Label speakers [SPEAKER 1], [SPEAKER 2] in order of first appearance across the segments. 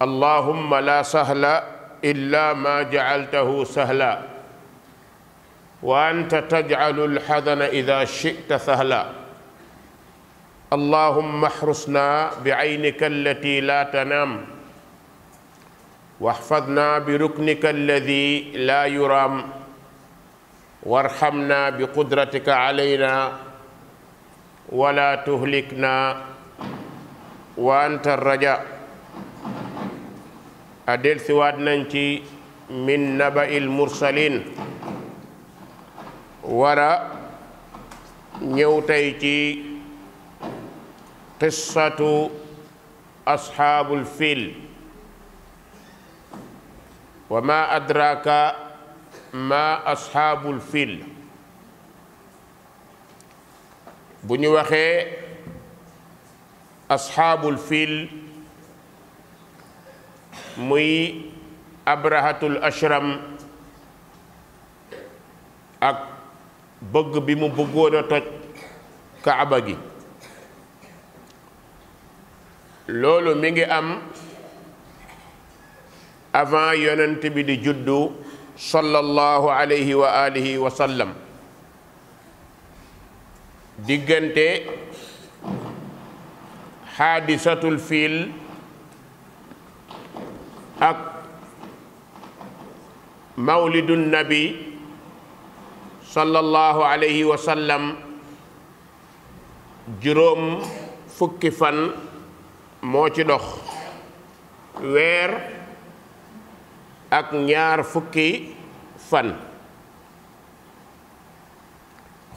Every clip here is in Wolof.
[SPEAKER 1] allahumma la sahla illa ma jacaltahu sahla wa anta tajcalu alxadana ida shita sahla allahumma axrusna bicaynika allati la tanaam waxfadna biruknika alladi la yuraam warxamna biqudratika calayna wala tuhlikna wa anta raja a delsiwaat nañ ci min naba'il mursalin wara ñëw tey ci qissatu asxaabul fiil wa ma adraka ma asxaabul fiil bu ñu waxee asxaabul fil muy abrahatul ashram ak bëgg bi mu bëggoon a toj kaaba gi loolu mi ngi am avant yonent bi di juddu sallallahu alayhi wa alihi wa sallam diggante xaadisatul fiil ak mawlidun nabi sallallahu alayhi wa sallam juróom fukki fan moo ci dox weer ak ñaar fukki fan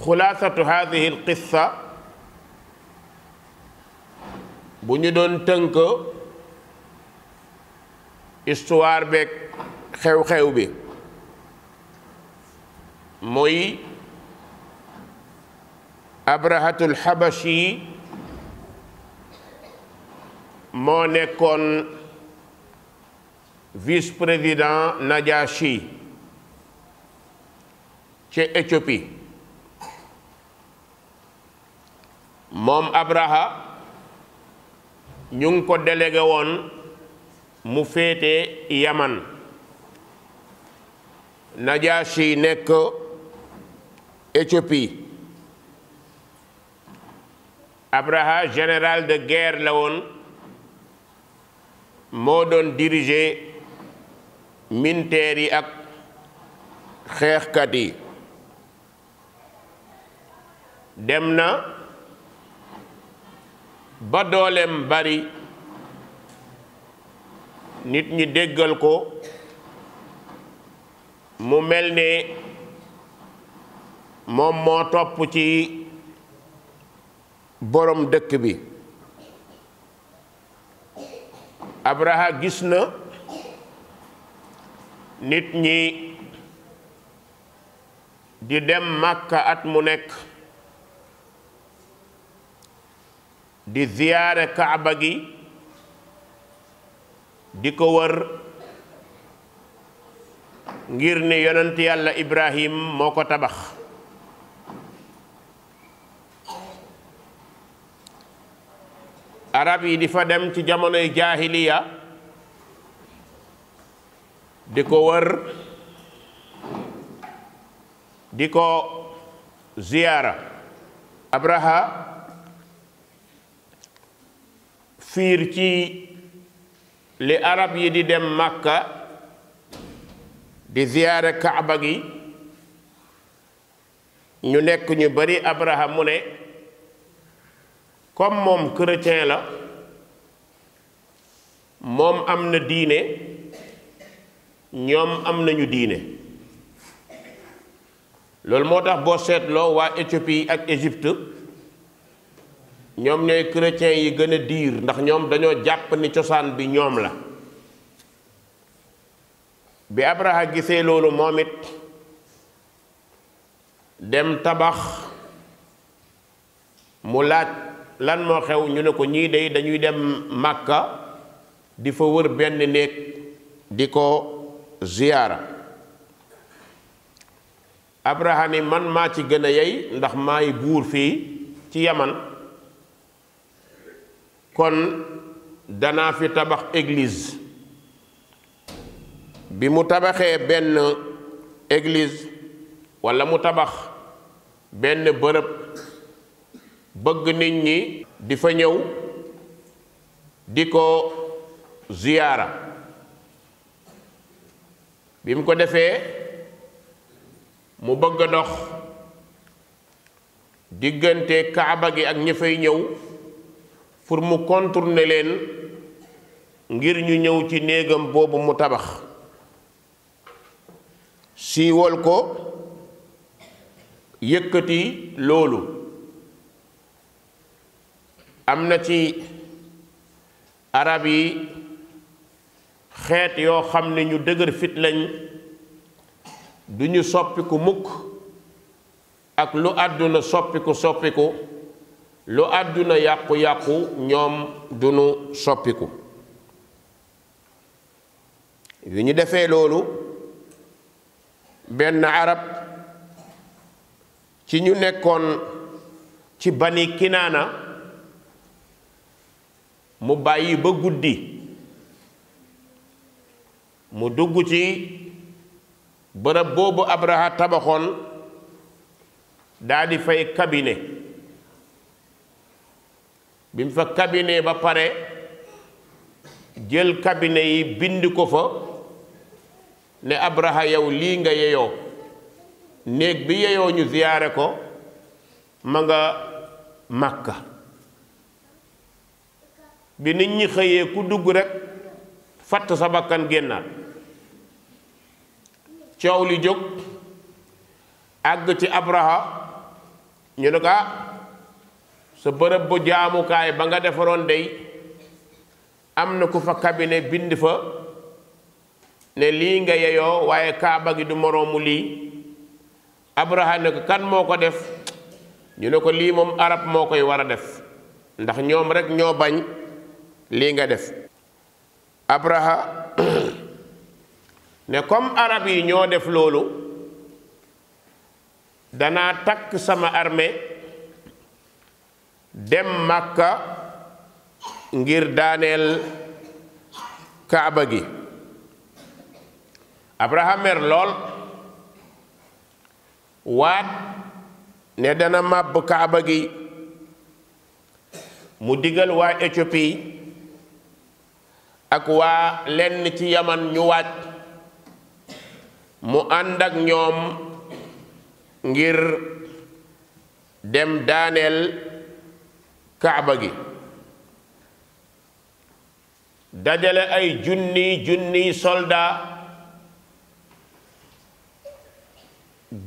[SPEAKER 1] xulaasatu hadihi alqissa bu ñu doon tënk histoire beeg xew-xew bi mooy abrahatul xabashi moo nekkoon vice président najashi ci Éthiopie moom abraha ñu ngi ko délégué woon mu féete yaman najaasi nekk éthiopie abraha général de guerre la woon moo doon dirigé minteer yi ak xeexkat yi dem na ba dooleem bari nit ñi déggal ko mu mel ni moom moo topp ci borom dëkk bi Abraha gis na nit ñi di dem Màkka at mu nekk di ziyaare Kaaba gi di ko wër ngir ne yonent yàlla Ibrahim moo ko tabax arab yi di fa dem ci jamonoy jaahiliya di ko wër di ko ziyaara abraha fiir ci li arab yi di dem màkka di ziyaare kaaba gi ñu nekk ñu bari abraham mu ne comme moom chrétien la moom am na diine ñoom am nañu diine loolu moo tax boo seetloo waa Éthiopie ak Égypte ñoom ñooy chrétiens yi gën a diir ndax ñoom dañoo jàpp ni cosaan bi ñoom la bi Abraha gisee loolu moom it dem tabax mu laaj lan moo xew ñu ne ko ñii day dañuy dem Màkka di fa wër benn néeg di ko ziyaara Abraha ni man maa ci gën a yey ndax maay buur fii ci Yaman kon danaa fi tabax église bi mu tabaxee benn église walla mu tabax benn bërëb bëgg nit ñi di fa ñëw di ko ziyaara bi mu ko defee mu bëgg a dox diggante kaaba gi ak ñi fay ñëw pour mu contourner leen ngir ñu ñëw ci néegam boobu mu tabax siiwal ko yëkkati loolu am na ci arab yi xeet yoo xam ne ñu dëgër fit lañ du ñu soppiku mukk ak lu àdduna soppiku soppiku lu àdduna yàqu-yàqu ñoom dunu soppiku yu ñu defee loolu benn arab ci ñu nekkoon ci bani kinaana mu bàyyi ba guddi mu dugg ci bërëb boobu abraha tabaxoon daal fay kabine bi mu fa cabinet ba pare jël kabine yi bind ko fa ne Abraha yow lii nga yeyoo néeg bi yeyoo ñu ziyaare ko ma nga Màkka bi nit ñi xëyee ku dugg rekk fatt sa bakkan génnaat coow li jóg àgg ci Abraha ñu ne ko ah sa bërëb bu jaamukaay ba nga defaroon day am na ku fa kabine bind fa ne lii nga yeyoo waaye kaaba gi du moroomu lii abraha ne ko kan moo ko def ñu ne ko lii moom arab moo koy war a def ndax ñoom rekk ñoo bañ lii nga def abraha ne comme arab yi ñoo def loolu danaa takk sama armee dem màkka ngir daaneel kaaba gi abraham lool waat ne dana màbb kaaba gi mu digal waa Éthiopie ak waa lenn ci yaman ñu waaj mu ànd ak ñoom ngir dem daaneel kaaba gi dajale ay junniy junniy soldat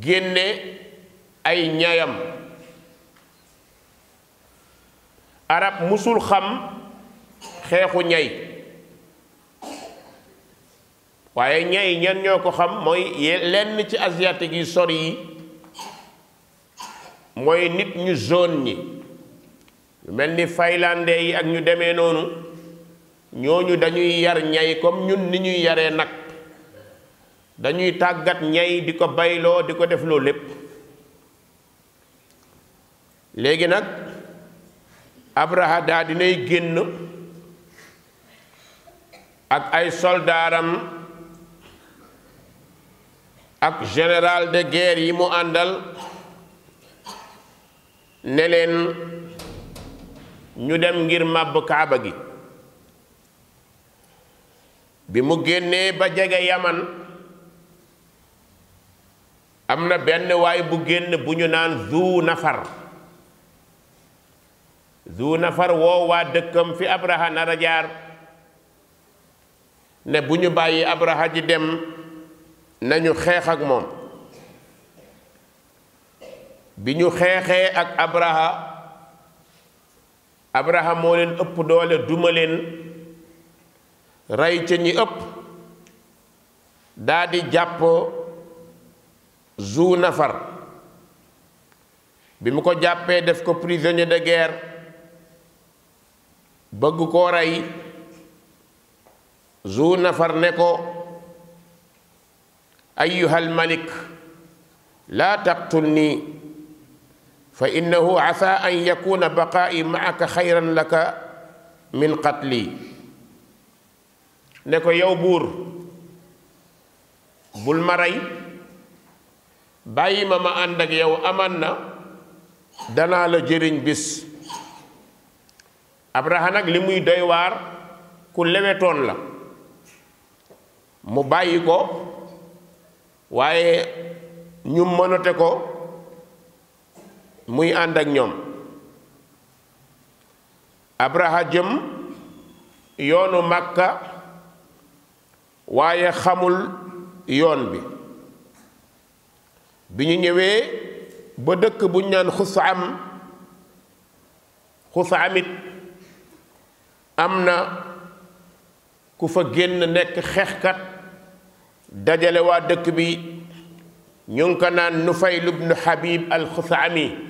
[SPEAKER 1] génne ay ñayam arab musul xam xeexu ñay waaye ñay ñen ñoo ko xam mooy lenn ci asiatique yi sori yi mooy nit ñu zone ñi mel ni faylande yi ak ñu deme noonu ñooñu dañuy yar ñay comme ñun ni ñuy yare nag dañuy tàggat ñay di ko bayloo di ko defloo lépp léegi nag Abraha daa dinay génn ak ay soldaaram ak général de guerre yi mu àndal ne leen ñu dem ngir màbb kaaba gi bi mu génnee ba jege yaman am na benn waay bu génn bu ñu naan zu nafar zu nafar woo waa dëkkam fi abraha nara jaar ne bu ñu bàyyi abraha ji dem nañu xeex ak moom bi ñu xeexee ak abraha abraham moo leen ëpp doole duma leen rey ca ñi ëpp daa di jàpp zu nafar bi mu ko jàppee def ko prisonnier de guerre bëgg koo rey zu nafar ne ko ayyuhal malik laa taqtul nii fa innahu asa an yakuna baqaa'i maaka xayran laka min qatli ne ko yow buur bul ma rey bàyyi ma ma ànd ak yow aman na danaa la jëriñ bis abraha nag li muy doy waar ku lewetoon la mu bàyyi ko waaye ñu mënote ko muy ànd ak ñoom abraha jëm yoonu màkka waaye xamul yoon bi bi ñu ñëwee ba dëkk buñ naan xusa am xusa amit am na ku fa génn nekk xeexkat dajale waa dëkk bi ñu ko naan Nufayl ibnu Habib al-Xusami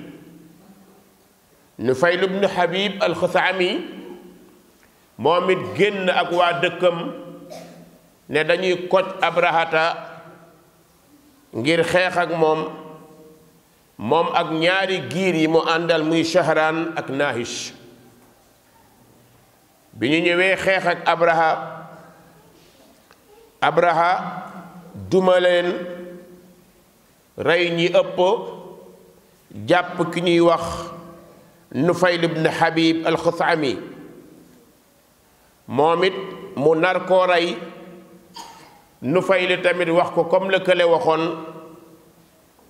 [SPEAKER 1] Nufayl ibnu Habib alxusaami moom it génn ak waa dëkkam ne dañuy koj ab ngir xeex ak moom moom ak ñaari giir yi mu àndal muy Shahraan ak Naahish bi ñu ñëwee xeex ak Abraha Abraha duma leen rey ñi ëpp jàpp ki ñuy wax Nufayl ibn Habib al-Xusami moom it mu nar koo rey Nufayl tamit wax ko comme la waxoon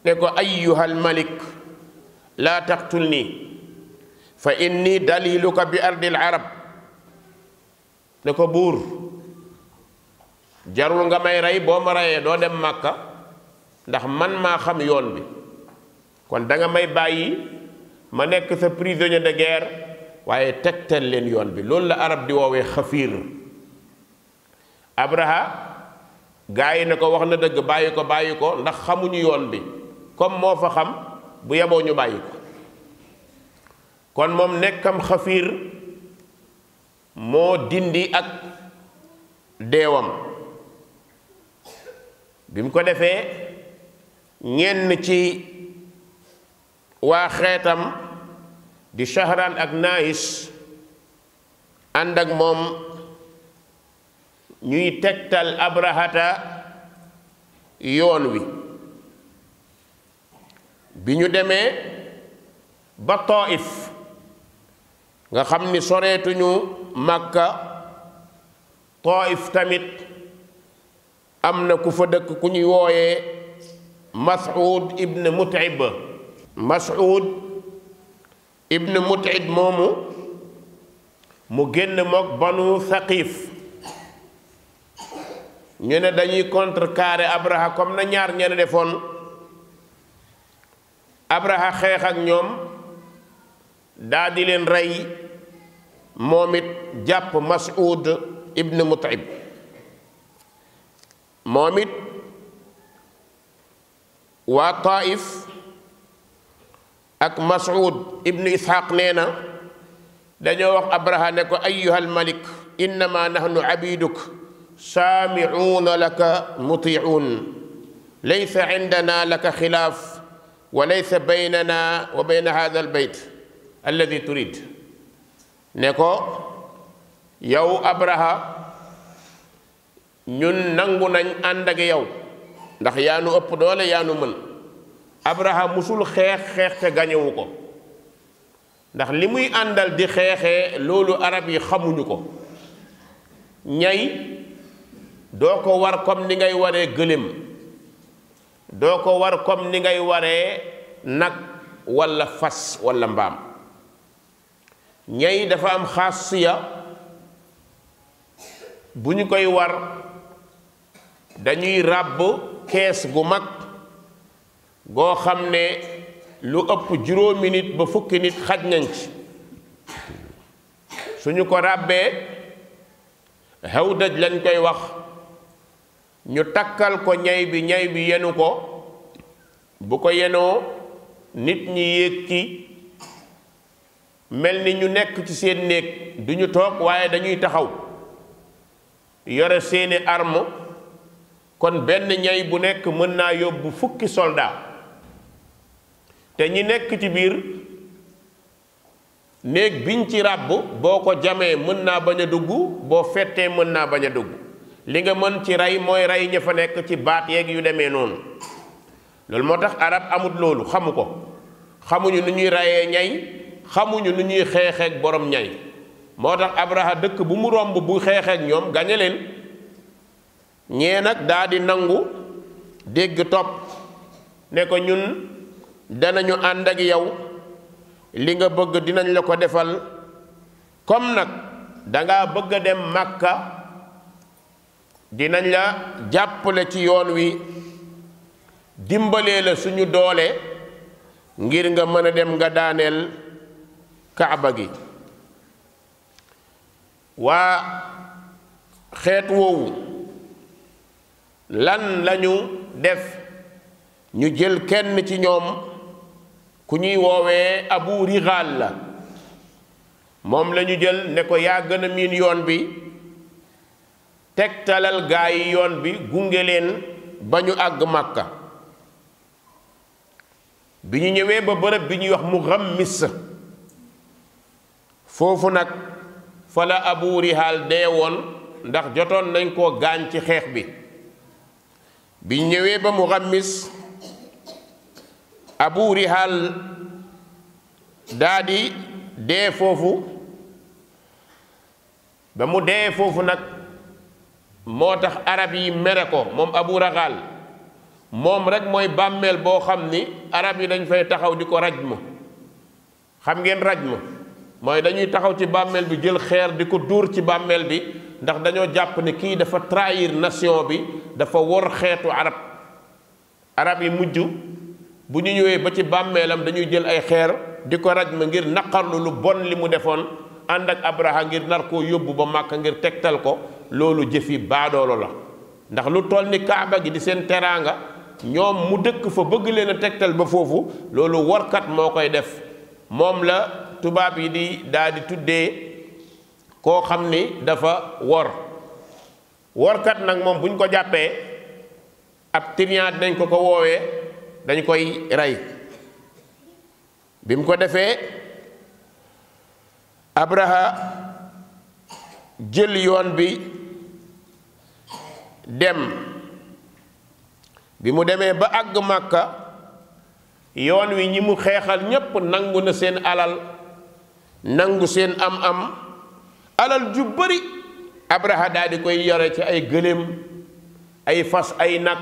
[SPEAKER 1] ne ko ayyuhal malik laa taqtulni fa inni daliluka bi ardil arab ne ko buur jarul nga may rey boo ma reyee doo dem màkka ndax man maa xam yoon bi kon da may bàyyi ma nekk sa prisonnier de guerre waaye tegtal leen yoon bi loolu la arab di woowee xafiir abraha gaa yi ne ko wax na dëgg bàyyi ko bàyyi ko ndax xamuñu yoon bi comme moo fa xam bu yeboo ñu bàyyi ko kon moom nekkam xafiir moo dindi ak deewam bi mu ko defee ñenn ci waa xeetam di shahraan ak naahis ànd ak moom ñuy tegtal abrahata yoon wi bi ñu demee ba taif nga xam ni soreetuñu màkka taif tamit am na ku fa dëkk ku ñuy wooyee mas'ud ibn mut'ib mas'ud ibn mut'id moomu mu génn mook banu saqif ñu ne dañuy contrecarrer abraha comme na ñaar ñene defoon abraha xeex ak ñoom daa leen rey moom it jàpp mas'ud ibn mut'ib moom it waa taif ak mas'ud ibnu ishaq nee na dañoo wax abraha ne ko ayyuhal malik innama nahnu abiduk saamicuuna laka mutiicuun laysa indana laka xilaaf wa laysa baynana wa bayna hada al bayt alladi ne ko yow abraha ñun nangu nañ ànd ak yow ndax yaa nu ëpp doole yaa nu mën abraham musul xeex xeex te gañewu ko ndax li muy àndal di xeexee loolu arab yi xamuñu ko ñay doo ko war comme ni ngay waree gëléem doo ko war comme ni ngay waree nag walla fas walla mbaam ñay dafa am xaasiya bu ñu koy war dañuy ràbb kees gu mag goo xam ne lu ëpp juróomi nit ba fukki nit xaj nañ ci suñu ko ràbbee xew daj lañ koy wax ñu takkal ko ñay bi ñay bi yenu ko bu ko yenoo nit ñi yéeg ci mel ni ñu nekk ci seen néeg duñu ñu toog waaye dañuy taxaw yore seeni arme kon benn ñay bu nekk mën naa yóbbu fukki soldaa te ñi nekk ci biir néeg biñ ci ràbb boo ko jamee mën naa bañ a dugg boo fettee mën naa bañ a dugg li nga mën ci rey mooy rey ña fa nekk ci baat yeeg yu demee noonu loolu moo tax arab amut loolu xamu ko xamuñu nu ñuy reyee ñay xamuñu nu ñuy xeexeeg boroom ñay moo tax abraha dëkk bu mu romb bu xeexeeg ñoom gañe leen ñee nag daldi nangu dégg topp ne ko ñun danañu ànd ak yow li nga bëgg dinañ la ko defal comme nag danga bëgg a dem màkka dinañ la jàppale ci yoon wi dimbalee la suñu doole ngir nga mën a dem nga daaneel kaaba gi waa xeet woowu lan lañu def ñu jël kenn ci ñoom ku ñuy woowee abu rigal la moom lañu jël ne ko yaa gën a miin yoon bi tegtalal gaa yi yoon bi gunge leen ba ñu àgg màkka bi ñu ñëwee ba bërëb bi ñuy wax mu xammis foofu nag fa la abu rihaal dee woon ndax jotoon nañ ko gaañ ci xeex bi bi ñu ñëwee ba mu xammis abu rihal daadi di dee foofu ba mu dee foofu nag moo tax arab yi mere ko moom abu raxal moom rek mooy bàmmeel boo xam ni arab yi dañ fay taxaw di ko raj ma xam ngeen raj ma mooy dañuy taxaw ci bàmmeel bi jël xeer di ko duur ci bàmmeel bi ndax dañoo jàpp ne kii dafa trahir nation bi dafa wor xeetu arab arab yi mujj bu ñu ñëwee ba ci bàmmeelam dañuy jël ay xeer di ko raj ma ngir naqarlu lu bon li mu defoon ànd ak abraha ngir nar koo yóbbu ba màkk ngir tegtal ko loolu jëfi baadoolo la ndax lu toll ni kaaba gi di seen teraanga ñoom mu dëkk fa bëgg leen tegtal ba foofu loolu warkat moo koy def moom la tubaab yi di daal di tuddee koo xam ni dafa wor workat nag moom bu ñu ko jàppee ab triant dañ ko ko woowee dañ koy rey bi mu ko defee Abraha jël yoon bi dem bi mu demee ba àgg Màkka yoon wi ñi mu xeexal ñépp nangu na seen alal nangu seen am-am alal ju bari Abraha daal di koy yore ci ay gëléem ay fas ay nag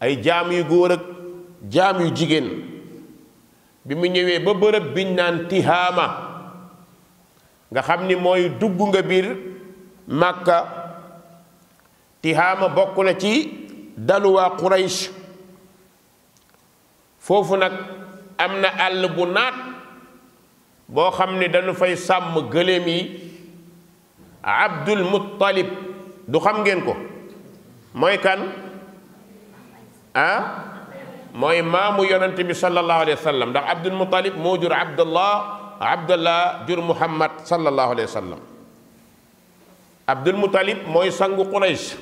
[SPEAKER 1] ay jaam yu góor ak jaam yu jigéen bi mu ñëwee ba bërëb biñ naan tihaama nga xam ni mooy dugg nga biir màkka tihaama bokk na ci daluwaa quraysh foofu nag am na àll bu naat boo xam ne dañu fay sàmm gëléem yi abdul muttalib du xam ngeen ko mooy kan ah mooy maamu yonente bi sallallahu alayhi wa sallam ndax abdul mutalib moo jur abdallah abdallah jur muhammad sallallahu alayhi wa sallam abdul mutalib mooy sangu quraysh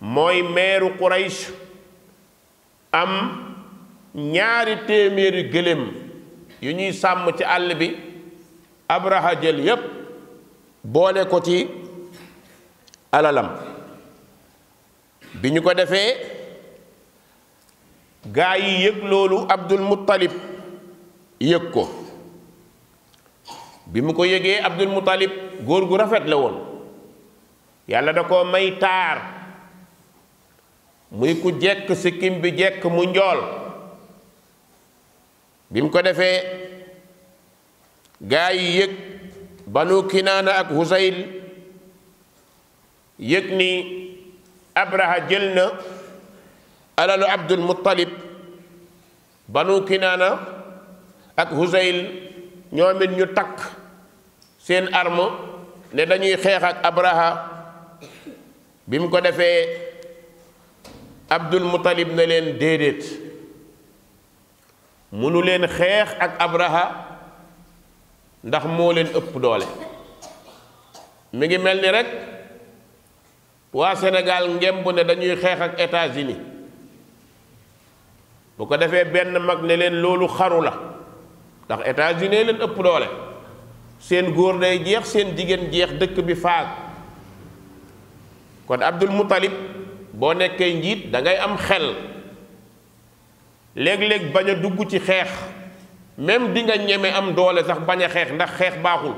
[SPEAKER 1] mooy meeru quraysh am ñaari téeméeri gëléem yu ñuy sàmm ci àll bi ab jël yépp boole ko ci alalam bi ñu ko defee gaa yi yëg loolu Abdul Muttalib yëg ko bi mu ko yëgee Abdul Muttalib góor gu rafet la woon yàlla da koo may taar muy ku jekk sikkim bi jekk mu njool bi mu ko defee gaa yi yëg banu kinaana ak husayl yëg ni abraha jël na alalu abdul muttalib banu kinaana ak husayl ñoom it ñu takk seen arme ne dañuy xeex ak abraha bi mu ko defee abdul muttalib ne leen déedéet mënu leen xeex ak abraha ndax moo leen ëpp doole mi ngi mel ni rek waa Sénégal ngemb ne dañuy xeex ak États-Unis bu ko defee benn mag ne leen loolu xaru la ndax États-Unis leen ëpp doole seen góor day jeex seen jigéen jeex dëkk bi faag kon Abdul Muttalib boo nekkee njiit dangay am xel léeg-léeg bañ a dugg ci xeex même di ñeme am doole sax bañ a xeex ndax xeex baaxul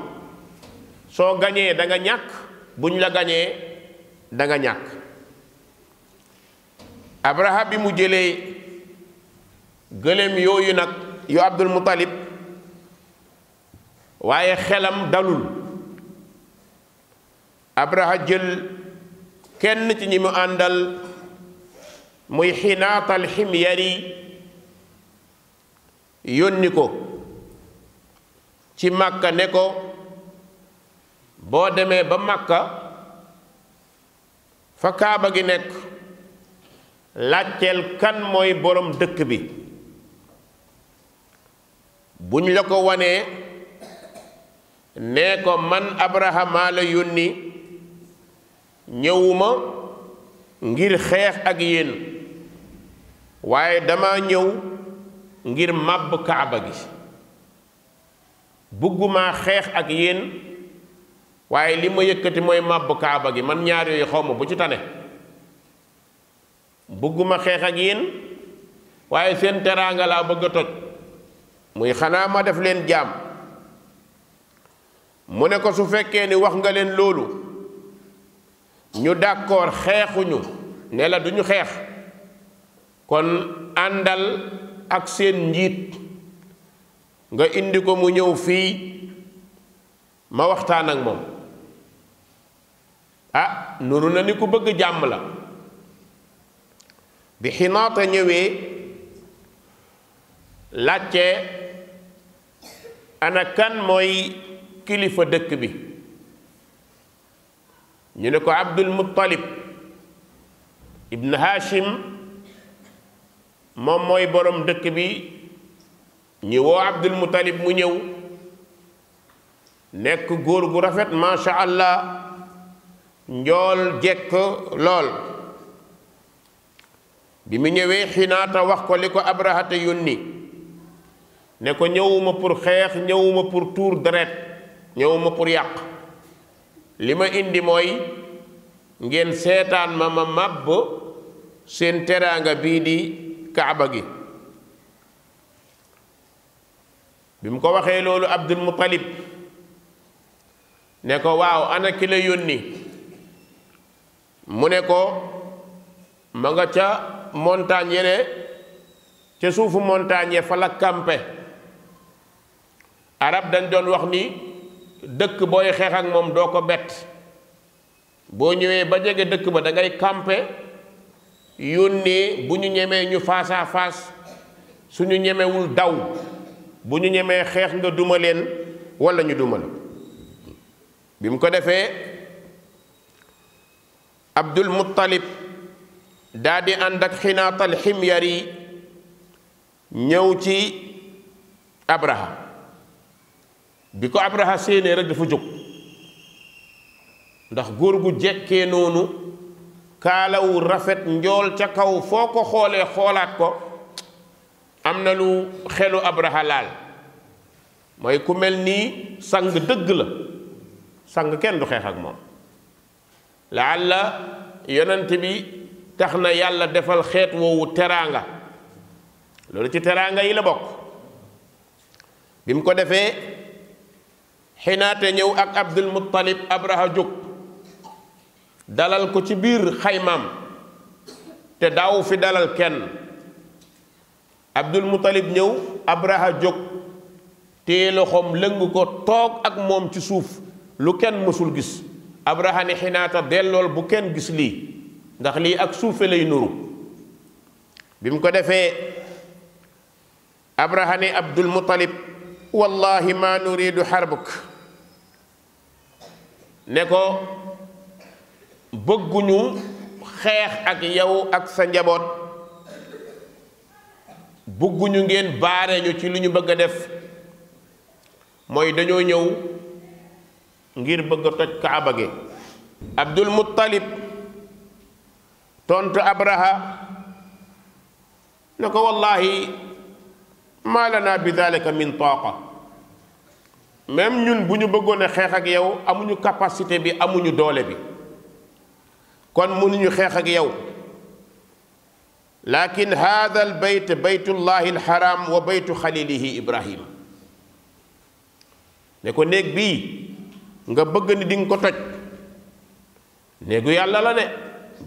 [SPEAKER 1] soo gañee danga ñàkk buñ la gañee danga nga ñàkk Abraha bi mu jëlee gëléem yooyu nag yu Abdul Muttalib waaye xelam dalul Abraha jël kenn ci ñi mu àndal muy xinaatal ximyari yónni ko ci màkka ne ko boo demee ba màkka fa kaaba gi nekk laajteel kan mooy borom dëkk bi bu ñu la ko wanee ne ko man abrahama la yónni ñëwuma ngir xeex ak yéen waaye dama ñëw ngir màbb kaaba gi bëgguma xeex ak yéen waaye li ma yëkkati mooy màbb kaaba gi man ñaar yooyu xaw ma bu ci tane bëgguma xeex ak yéen waaye seen teraanga laa bëgg a toj muy xanaa ma def leen jàmm mu ne ko su fekkee ni wax nga leen loolu ñu d'accord xeexuñu ne la duñu xeex kon àndal ak seen njiit nga indi ko mu ñëw fii ma waxtaan ak moom ah nuru na ni ku bëgg jàmm la bi xinaata ñëwee làcce ana kan mooy kilifa dëkk bi ñu ne ko abdul muttalib ibn hashim moom mooy borom dëkk bi ñu woo abdul muttalib mu ñëw nekk góor gu rafet masha allah njool jekk lool bi mu ñëwee xinaata wax ko li ko abrahata yónni ne ko ñëwuma pour xeex ñëwuma pour tuur deret ñëwuma pour yàq li ma indi mooy ngeen seetaan ma ma màbb seen teraanga bii di kaaba gi bi mu ko waxee loolu Abdul Muttalib ne ko waaw ana ki la yónni mu ne ko ma nga ca montagne ne ca suufu montagne fa la kampe arab dañ doon wax ni dëkk booy xeex ak moom doo ko bett boo ñëwee ba jege dëkk ba dangay ngay campe yónnee bu ñu ñemee ñu face à face suñu ñemewul daw bu ñu ñemee xeex nga duma leen wala ñu duma la bi mu ko defee abdul muttalib daldi di ànd ak xinaatal ximyar yi ñëw ci abraha bi ko abraha séenée rek dafa jóg ndax góor gu jekkee noonu kaalawu rafet njool ca kaw foo ko xoolee xoolaat ko am na lu xelu abraha laal mooy ku mel nii sang dëgg la sang kenn du xeex ak moom laalla yonent bi tax na yàlla defal xeet woowu teraanga loolu ci teraanga yi la bokk bi mu ko defee xinaate ñëw ak abdul muttalib abraha jóg dalal ko ci biir xaymaam te daawu fi dalal kenn abdul muttalib ñëw abraha jóg téye loxoom lëng ko toog ak moom ci suuf lu kenn mësul gis abraha ni xinaata dellool bu kenn gis lii ndax lii ak suufe lay nuru bi mu ko defee abraha ni abdul muttalib wallahi ma nuridu xarbuk ne ko bëgguñu xeex ak yow ak sa njaboot bëgguñu ngeen baare ci li ñu bëgg a def mooy dañoo ñëw ngir bëgg a toj kaaba gi abdul muttalib tontu abraha ne ko wallahi maa lana bi dalika min taaqa même ñun bu ñu bëggoon xeex ak yow amuñu capacité bi amuñu doole bi kon mënuñu xeex ak yow lakin hada al bayt baytullahi alxaram wa baytu xalilihi ibrahim ne ko néeg bi nga bëgg ni di ko toj néegu yàlla la de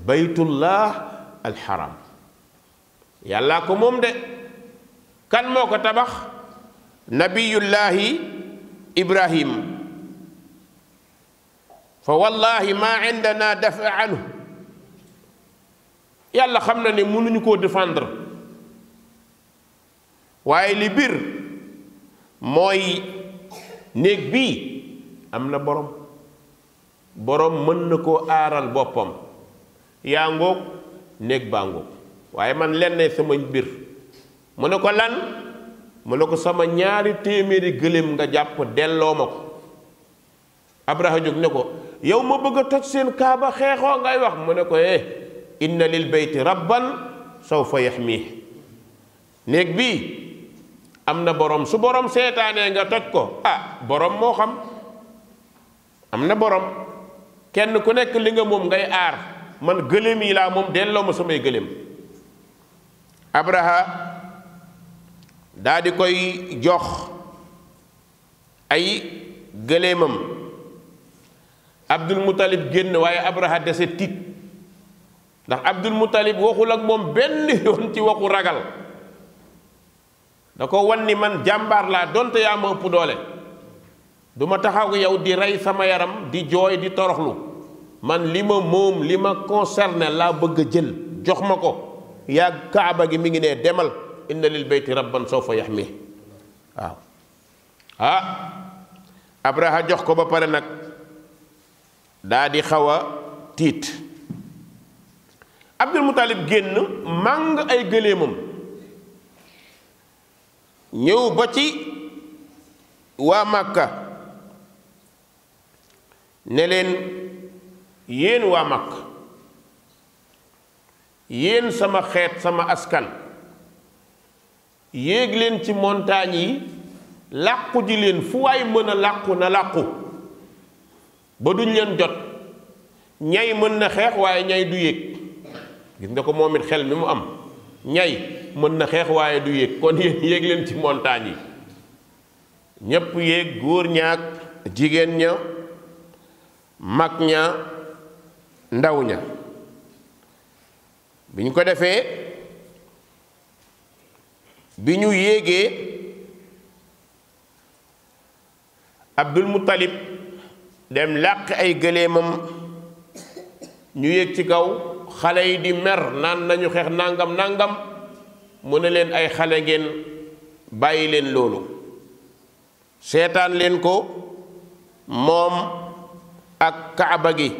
[SPEAKER 1] baytullah alxaram yàllaa ko moom de kan moo ko tabax nabiyullahi إبراهيم فوالله ما عندنا دفع عنه yàlla xam na ne mënuñu koo défendre waaye li biir mooy néeg bii am na borom borom mën na koo aaral boppam yaa ngoog néeg baa ngoog waaye man lenn sama bir mu ne ko lan mu ne ko sama ñaari téeméeri gëléem nga jàpp delloo ma ko abraha jóg ne ko yow ma bëgg a toj seen kaaba xeexoo ngay wax mu ne ko eh inna lil bayti rabban sawfa mii néeg bii am na borom su boroom seetaanee nga toj ko ah, boroom moo xam am na boroom kenn ku nekk li nga moom ngay aar man gëléem yi laa moom delloo ma samay gëléem abraha daa di koy jox ay gëléemam abdul muttalib génn waaye abraha dese tiit ndax abdul muttalib waxul ak moom benn yoon ci waxu ragal da ko wan ni man jàmbaar laa donte yaa ma ëpp doole duma ma taxaw yow di rey sama yaram di jooy di toroxlu man li ma moom li ma concerné laa bëgg a jël jox ma ko yaa kaaba gi mi ngi nee demal inna lil soo rabban sawfa yaxmi waaw ah jox ko ba pare nag daa di xaw a tiit abdul muttalib génn màng ay gëléemam ñëw ba ci waa màkka ne leen yéen waa màkk yéen sama xeet sama askan yéeg leen ci montagne yi làqu di leen fu waay mën a làqu na làqu ba duñ leen jot ñay mën na xeex waaye ñay du yéeg gis nga ko moom it xel mi mu am ñay mën na xeex waaye du yéeg kon yéen yéeg leen ci montagne yi ñépp yéeg góor ñaak jigéen ña mag ña ndaw ña bi ñu ko defee bi ñu yéegee abdul muttalib dem làq ay gëléemam ñu yéeg ci kaw xale yi di mer naan nañu xeex nangam nangam mu ne leen ay xale ngeen bàyyi leen loolu seetaan leen ko moom ak kaaba gi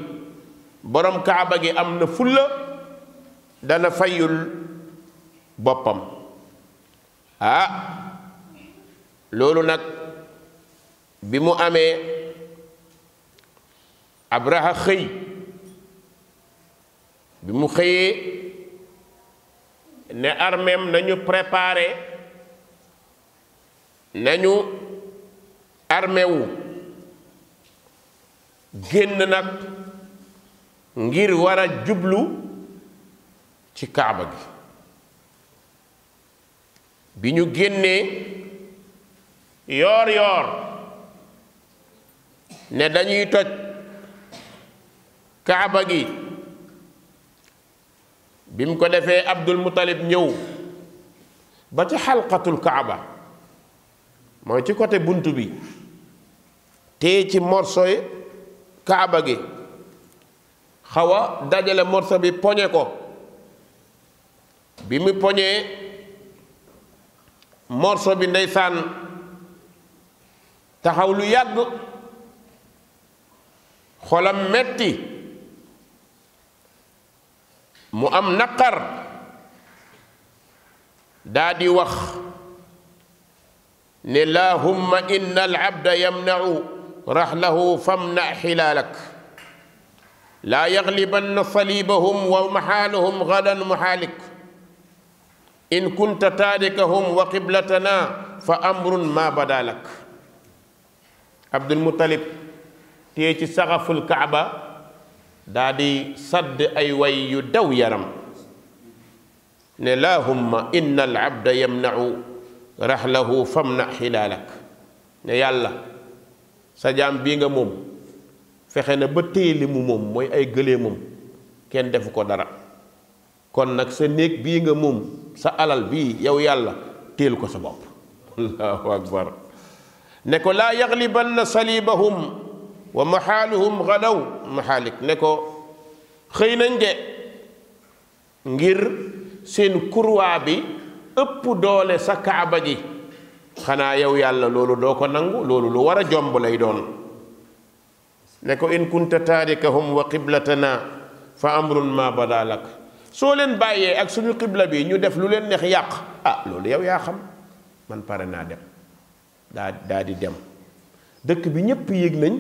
[SPEAKER 1] boroom kaaba gi am na fulla dana fayul boppam ah loolu nag bi mu amee abraha xëy bi mu xëyee ne armeem nañu préparé nañu armewu wu génn nag ngir war a jublu ci kaaba gi bi ñu génnee yoor yoor ne dañuy toj kaaba gi bi mu ko defee abdul mutalib ñëw ba ci xalqatul kaaba mooy ci côté bunt bi téye ci morso kaaba gi xaw a dajale morso bi poñe ko bi mu poñee morso bi ndeysaan taxaw lu yàgg xolam metti mu am naqar daa di wax ne laahumma inna al abda yamnau rahlahu famna xilaalak laa yaglibana salibahum wa maxaalahum gadan muxaalik in kunta taarikahum wa qiblatana fa amrun ma badalak abdul muttalib téye ci saxaful kaaba daa di sadd ay way yu daw yaram ne lahumma inna al abda yamnau rahlahu famna xilaalak ne yàlla sa jaam bii nga moom fexe na ba téye li moom mooy ay gëlee kenn defu ko dara kon nag sa néeg bii nga moom sa alal bii yow yàlla téel ko sa bopp allahu akbar ne ko laa yaxlibanna salibahum wa maxaaluhum gadaw maxaalik ne ko xëy nañ de ngir seen kurwaa bi ëpp doole sa kaaba gi xanaa yow yàlla loolu doo ko nangu loolu lu war a jomb lay doon ne ko in kunta taarikahum wa qiblatana fa amrun ma badalak soo leen bàyyee ak suñu xibla bi ñu def lu leen neex yàq ah loolu yow yaa xam man pare naa dem daa daa di dem dëkk bi ñépp yëg nañ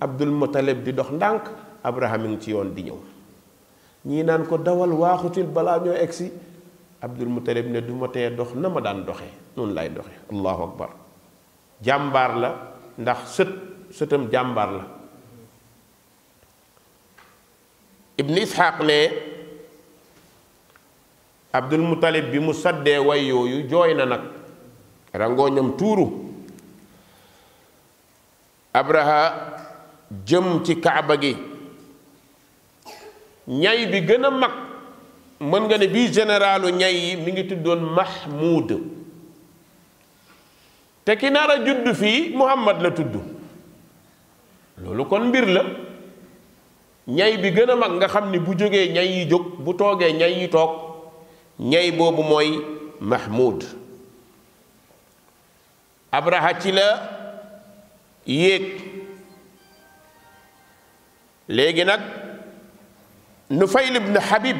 [SPEAKER 1] Abdul Muttalib di dox ndànk Abraham ngi ci yoon di ñëw ñii naan ko dawal waaxutil balaa ñoo egsi Abdul Muttalib ne du ma tee dox na ma daan doxe noonu lay doxe allahu akbar jàmbar la ndax sët sëtam jàmbaar la Ibn Ishaq ne abdul muttalib bi mu saddee way yooyu jooy na nag rangooñam tuuru abraha jëm ci kaaba gi ñay bi gën a mag mën nga ne bii généralu ñay yi mi ngi tuddoon mahmuud te ki nar a judd fii muhammad la tudd loolu kon mbir la ñay bi gën a mag nga xam ni bu jógee ñay yi jóg bu toogee ñay yi toog ñay boobu mooy mahmud abraha ci la yéeg léegi nag nufayl ibn habib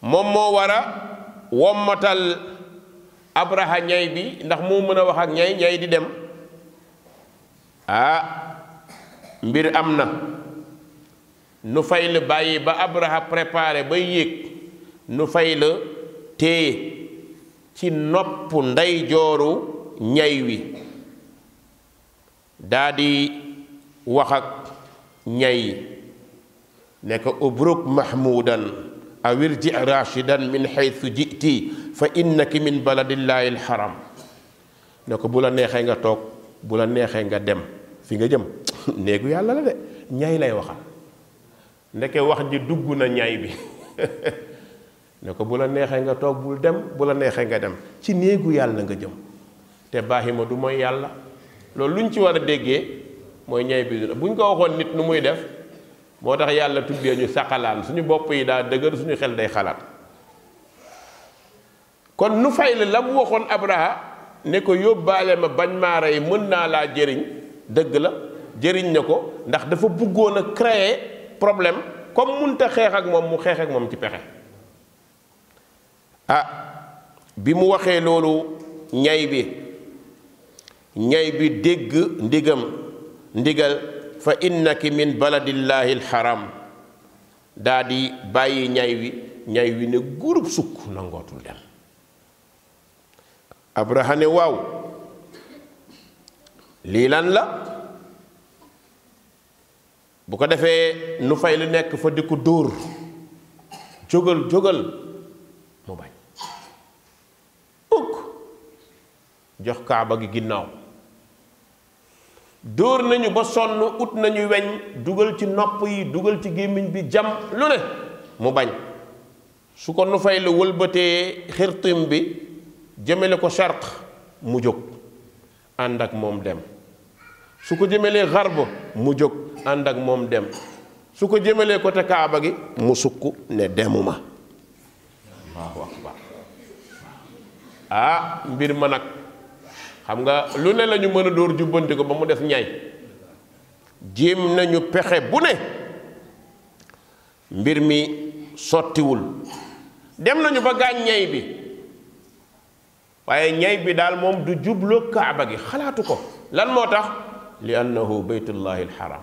[SPEAKER 1] moom moo war a wommatal abraha ñay bi ndax moo mën a wax ak ñay ñay di dem ah mbir am na nufayl bàyyi ba abraha préparé ba yéeg nu fay la téye ci nopp ndeyjooru ñay wi daa di wax ak ñay ne ko ubruk mahmudan awir ji rachidan min xaytu jiti fa innaki min baladillaahi alxaram ne ko bu la neexee nga toog bu la neexee nga dem fi nga jëm néegu yàlla la de ñay lay waxal ndeke wax ji dugg na ñay bi ne ko bu la neexee nga toog bul dem bu la neexee nga dem ci néegu yàlla nga jëm te ma du mooy yàlla loolu luñ ci war a déggee mooy ñay bi buñ ko waxoon nit nu muy def moo tax yàlla tuddee ñu saqalaan suñu bopp yi daa dëgër suñu xel day xalaat kon nu fay la la mu waxoon abraha ne ko yóbbaale ma bañ maara yi mën naa laa jëriñ dëgg la jëriñ na ko ndax dafa buggoon a créer problème comme munta xeex ak moom mu xeex ak moom ci pexe ah bi mu waxee loolu ñay bi ñay bi dégg ndigam ndigal fa innaki min baladillahi alxaram daa di bàyyi ñay wi ñay wi ne gurub sukk nangootul dem abraha waaw lii lan la bu ko defee nu fay lu nekk fa di ko dóor jógal jógal jox kaaba gi ginnaaw dóor nañu ba sonn ut nañu weñ dugal ci nopp yi dugal ci gémmiñ bi jam lu ne mu bañ su ko nu fay la wëlbatee xirtim bi jëmale ko sharq mu jóg ànd ak moom dem su ko jëmalee xarb mu jóg ànd ak moom dem su ko jëmalee te kaaba gi mu sukk ne demuma waaw ah mbir ma nag xam nga lu ne lañu ñu mën a dóor jubbanti ko ba mu def ñay jéem nañu pexe bu ne mbir mi sottiwul dem nañu ba gaañ ñay bi waaye ñay bi daal moom du jubloo kaaba gi xalaatu ko lan moo tax li na baytullahi alxaram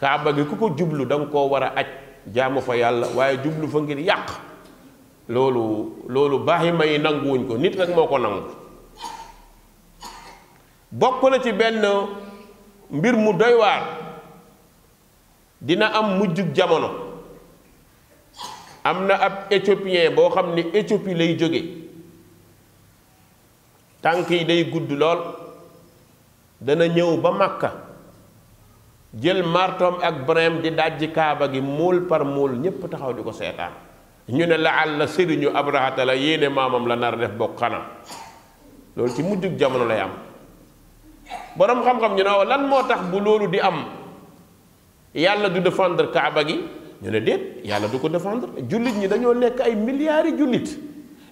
[SPEAKER 1] kaaba gi ku ko jublu da nga koo war a aj jaamu fa yàlla waaye jublu fa ngir yàq loolu loolu baax yi may nanguwuñ ko nit nag moo ko nangu bokk na ci benn mbir mu doy dina am mujjug jamono am na ab éthiopien boo xam ni Éthiopie lay jóge tànk yi day gudd lool dana ñëw ba Makka jël martom ak brem di dàjj kaaba gi muul par muul ñépp taxaw di ko seetaan ñu ne la àll sëriñu abrahata la yéene maamam la nar def bokk xanaa loolu ci mujjug jamono lay am borom xam-xam ñu ne lan moo tax bu loolu di am yàlla du défendre kaaba gi ñu ne déet yàlla du ko défendre jullit ñi dañoo nekk ay milliards yi jullit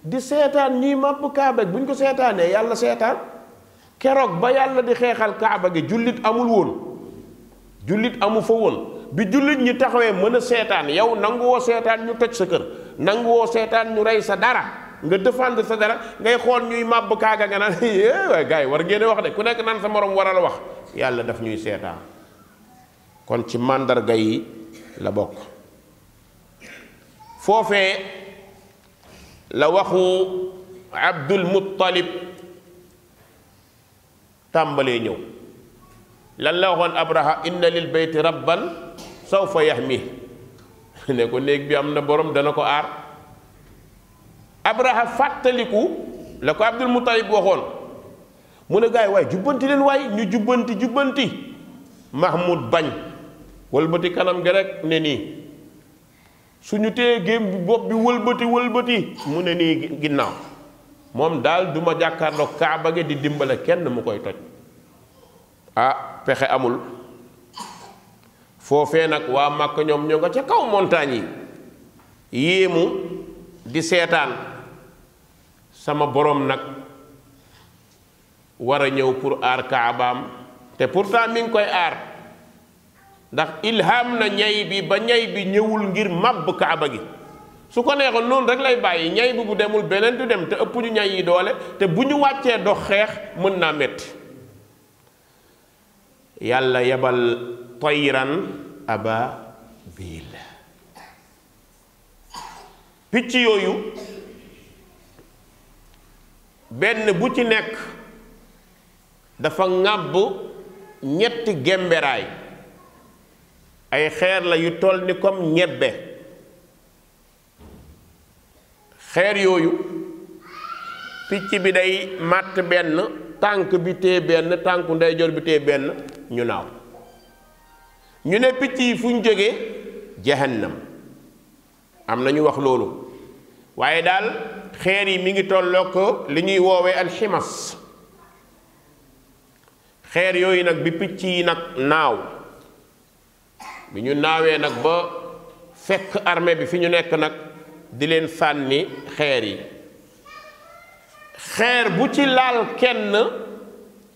[SPEAKER 1] di seetaan ñuy màpp kaaba gi bu ñu ko seetaanee yàlla seetaan keroog ba yàlla di xeexal kaaba gi jullit amul woon jullit amu fa woon bi jullit ñi taxawee mën a seetaan yow nangu woo seetaan ñu toj sa kër nangu woo seetaan ñu rey sa dara nga défendre sa dara ngay xool ñuy màbb kaaga nga naan eh, waaye gars yi war ngeen wax de ku nekk naan sa morom waral wax yàlla daf ñuy seetaan kon ci màndarga yi la bokk foofee la waxu Abdul Muttalib tàmbalee ñëw lan la waxoon Abraha inna lil bayti rabban sawfa yahmi ne ko néeg bi am na borom dana ko aar abraha fàttaliku la ko abdul muttalib waxoon mu ne gaay waaye jubbanti leen waay ñu jubbanti jubbanti mahmud bañ wëlbati kanam gi rek ne nii suñu téye géem bi bopp bi wëlbati wëlbati mu ne nii ginnaaw moom dal duma jàkkaarloo kaaba gi di dimbale kenn mu koy toj ah pexe amul foofe nag waa màkk ñoom ñoo nga ca kaw montagne yi yéemu di seetaan sama boroom nag war a ñëw pour aar kaabaam te pourtant mi ngi koy aar ndax ilham na ñay bi ba ñay bi ñëwul ngir màbb kaaba gi su ko neexoon noonu rek lay bàyyi ñay bi bu demul beneen du dem te ëpp ñu ñay yi doole te bu ñu wàccee dox xeex mën naa métti yàlla yebal tayran aba biil picc yooyu benn bu ci nekk dafa ŋàbb ñetti gemberaay ay xeer la yu toll ni comme ñebbe xeer yooyu picc bi day màtt benn tànk bi téye benn tànku ndeyjoor bi téye benn ñu naaw ñu ne picc yi fu ñu jógee jahannam am na ñu wax loolu waaye daal xeer yi mi ngi tolloo ko li ñuy woowee alximas xeer yooyu nag bi picc yi nag naaw bi ñu naawee nag ba fekk armée bi fi ñu nekk nag di leen sànni xeer yi xeer bu ci laal kenn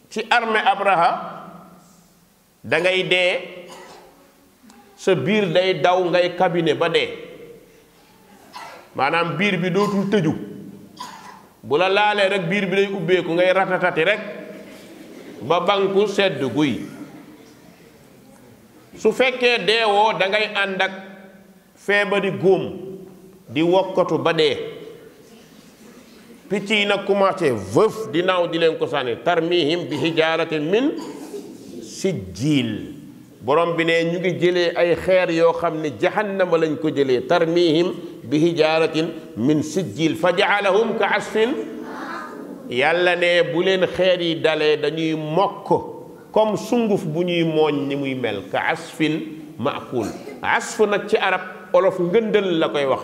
[SPEAKER 1] ci armée Abraha da ngay dee sa biir day daw ngay kabine ba dee maanaam biir bi dootul tëju bu la laalee rek biir bi day ubbeeku ngay ratatati rekk ba banku sedd guy su fekkee deewoo dangay ngay ànd ak feebari góom di wokkatu ba dee picc yi nag commencé vëf di naaw di leen ko sànni tarmihim bi hijaaratin min sijjiil borom bi ne ñu ngi jëlee ay xeer yoo xam ne jahannama lañ ko jëlee tarmihim bi hijaratin min sijjil fa jaalahum ka asfin yàlla ne bu leen xeer yi dalee dañuy mokk comme sunguf bu ñuy mooñ ni muy mel ka asfin maakul asf nag ci arab olof ngëndal la koy wax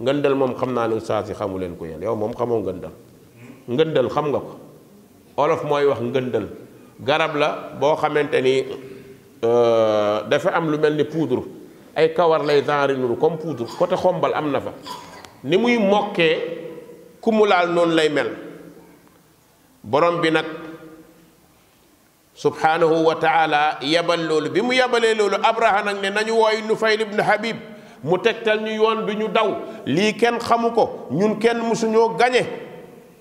[SPEAKER 1] ngëndël moom xam naa ne saa si xamu leen ko yéen yow moom xamoo ngëndal ngëndël xam nga ko olof mooy wax ngëndal garab la boo xamante ni Euh, dafa am lu mel ni poudre ay kawar lay genre nuru comme poudre côté xombal am na fa ni muy mokkee ku mu laal noonu lay mel borom bi nag subhanahu wa taala yebal loolu bi mu yabalee loolu abraha nag ne nañu wooy Nufayl ibn Habib mu tegtal ñu yoon bi ñu daw lii kenn xamu ko ñun kenn mësuñoo gañe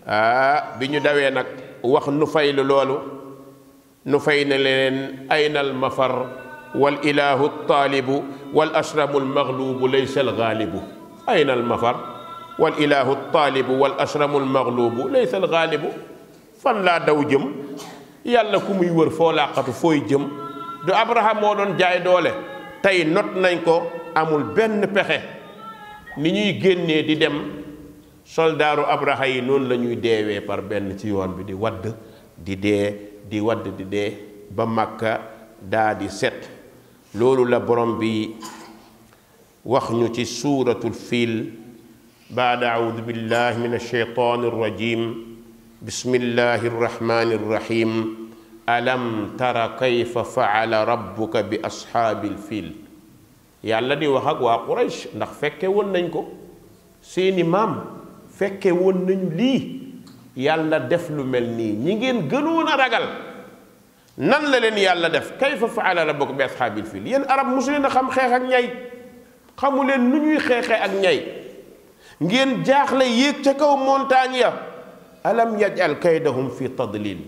[SPEAKER 1] ah bi ñu dawee nag wax Nufayl loolu nu fay ne leen ayna al mafar wal ilaahu taalibu wal ashrabu al maghlubu laysa al ghaalibu ayna al mafar wal ilaahu fan laa daw jëm yàlla ku muy wër foo làqatu fooy jëm du abraham moo doon jaay doole tey not nañ ko amul benn pexe ni ñuy génnee di dem soldaaru abraha yi noonu la ñuy deewee par benn ci yoon bi di wadd di dee di wadd di dee ba makka daadi di set loolu la borom bi wax ñu ci suuratul fiil baada audu billah min alsheytaan arrajim بسم الله الرحمن الرحيم ألم تر كيف فعل ربك بأصحاب الفيل yàlla di wax ak waa Quraysh ndax fekke woon nañ ko seeni maam fekke woon nañu lii yàlla def lu mel nii ñi ngeen gënoon a ragal nan la leen yàlla def kayfa faala rabbuka bi ashaabil fiil yéen arab mosu a xam xeex ak ñay xamu leen nu ñuy xeexee ak ñay ngeen jaaxle yéeg ca kaw montagne ya alam yajal kaydahum fi tadlil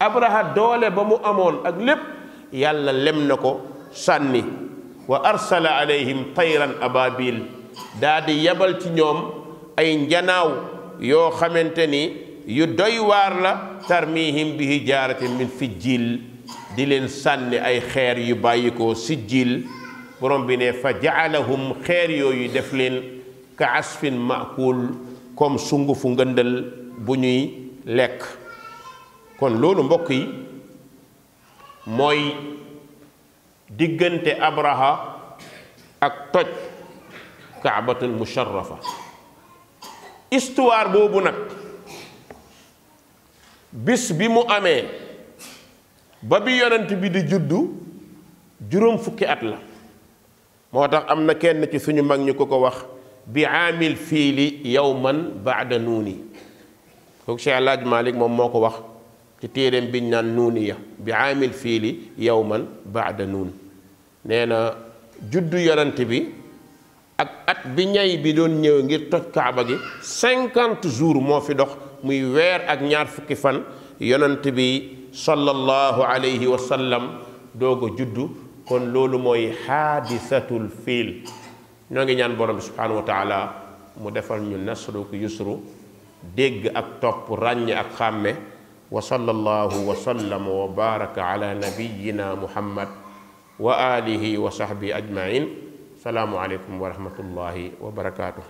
[SPEAKER 1] abraha doole ba mu amoon ak lépp yàlla lem na ko sànni wa arsala alayhim tayran ababil daa di yabal ci ñoom ay njanaaw yoo xamante ni yu doy waar la tarmihim bi hijaaratin min sijjiil di leen sànni ay xeer yu bàyyikoo ko sijjiil borom bi ne fa jaalahum xeer yooyu def leen ka asfin maakul comme sungufu ngëndal bu ñuy lekk kon loolu mbokk yi mooy diggante abraha ak toj kaabatul musharrafa histoire boobu nag bis bi mu amee ba bi yonent bi di juddu juróom fukki at la moo tax am na kenn ci suñu mag ñu ko ko wax bi aamil fiili yawman baada nuuni kooku Cheikh El Hadj Malick moom moo ko wax ci téeréem biñ naan nuuni ya bi aamil fiili yawman baada nuun nee na juddu yonent bi ak at bi ñay bi doon ñëw ngir toj kaaba gi cinquante jours moo fi dox muy weer ak ñaar fukki fan yonent bi sallallahu alayhi wa sallam doog a juddu kon loolu mooy xaadisatul fiil ñoo ngi ñaan borom bi subhaanahu wa taala mu defal ñu nasru ku yusru dégg ak topp ràññ ak xàmme wa sallallahu wa sallama wa baraka ala nabiyina muhammad wa alihi wa sahbi ajmain salaamu aleykum wa rahmatullahi wa barakaatu